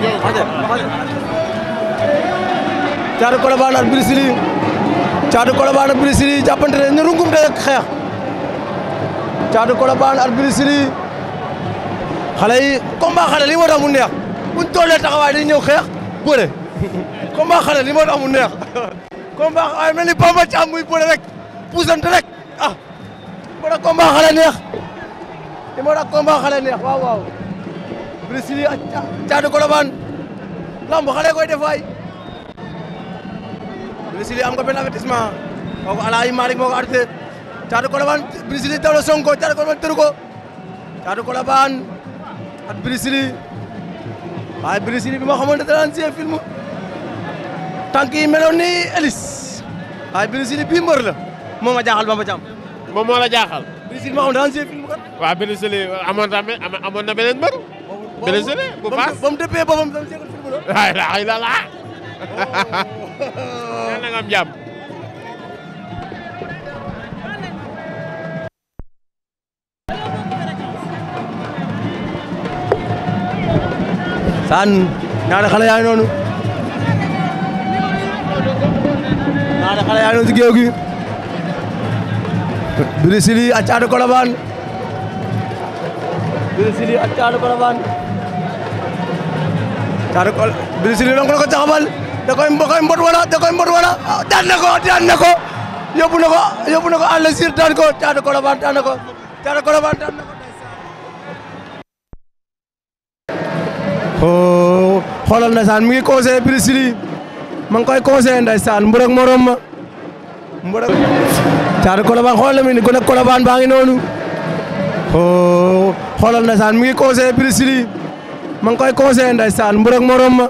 맞아요. 맞아요. caatu Colobane ak Biri Sili caatu Colobane ak Biri Sili jàppante ne rungum te xeex caatu Colobane ak Biri Sili xale yi combat xale li moo mu neex buñ tollee taxawaay dañuy ñëw xeex bëre combat xale li moo mu neex combat xale mel ni Bamba ci am muy bëre rek puusante rek ah neex li moo tax combat neex Brésil ak ah, Caatu ah, Colobane lamb xale koy def waay Brésil am nga benn avertissement kooku Alaaji Malick ko arrêté Caatu Colobane Brésil daw la sonko Caatu Colobane tëru Caatu Colobane ak Brésil waaye bi ma xamoon ne daan see film tànk yi meloon ni Elis waaye Brésil bii mbër jaaxal Bamba Thiam la jaaxal Brésil ma xam daan film kat waaw Brésil amoon na amoon blessé na bu baax ba mu dëppee boppam dama jégal firnde la. waay laay la laa. Oh. yàlla na nga am jàmm. saan ñaari xale yaa ngi noonu ñaari xale yaa ngi noonu si géew gi Biry Sili ak Caatu Kolobaan Biri Sili ak Thiatou Colobane Thiatou Col Biri Sili lonk na ko jaxabal da koy da koy mbot wala da koy mbot wala ah, daan na ko daan na ko yóbbu na ko yóbbu na ko àll sir daan ko Thiatou Colobane daan na ko Thiatou Colobane daan na ko oh xoolal ndeysaan mi ngi conseillé Biri Sili ma ngi koy conseillé ndeysaan mbër ak morom ma mbër ak Thiatou Colobane xoolal mi ni gone Colobane baa ngi noonu oh xoolal ndeysaan mi ngi conseillé Bruce Lee ma ngi koy conseillé ndeysaan mbër ak morom ma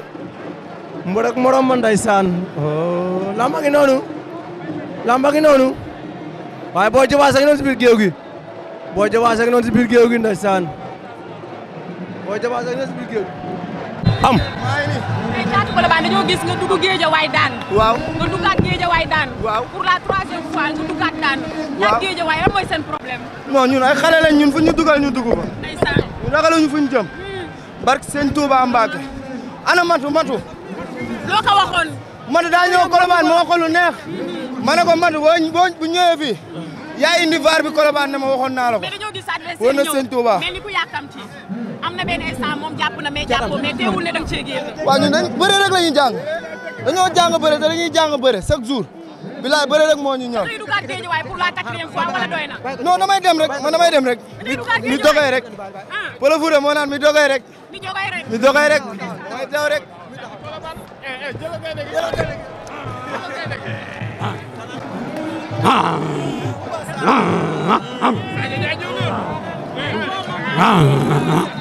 mbër ak morom ma saan oh lamba ngi noonu lamba ngi noonu waaye boo jëwaase ak noonu si biir géew gi boo jëwaase ak noonu si biir géew gi ndeysaan boo jëwaase ak noonu si biir am. mais Thiatou Colobane dañoo gis nga dugg géejawaay daan. waaw nga duggaat géejawaay daan. waaw pour la troisième fois nga duggaat daan. waaw ak géejawaay lan mooy seen problème. non ñun ay xale lañ ñun fu ñu dugal ñu dugg fa. ndeysaan ñu ragaluñu fu ñu jëm. Hmm. barke sëñ Touba Mbacke. ana matu matu. loo ko waxoon. matu daa ñëw Colobane moo ko lu neex. Hmm. ma ne ko matu boo boo bu ñëwee fii. yaa indi vaar bi Colobane ne ma waxoon naa la ko. mais dañoo gis adversaire ñëw wóor na sëñ Touba mel ni ku yàkkamti am na benn instant moom jàpp na mais jàppoo mais teewul la ñuy jàng dañoo jàng bëre te dañuy jàng bëre chaque jour. bilaay bëre rek moo ñu ñor. dañuy dugaat géejuwaay pour na. non damay dem rek man damay dem rek. mi dogay rek. Pël